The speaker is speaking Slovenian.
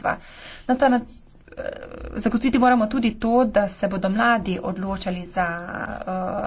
ljudstva. Na ta način eh, zagotoviti moramo tudi to, da se bodo mladi odločali za uh,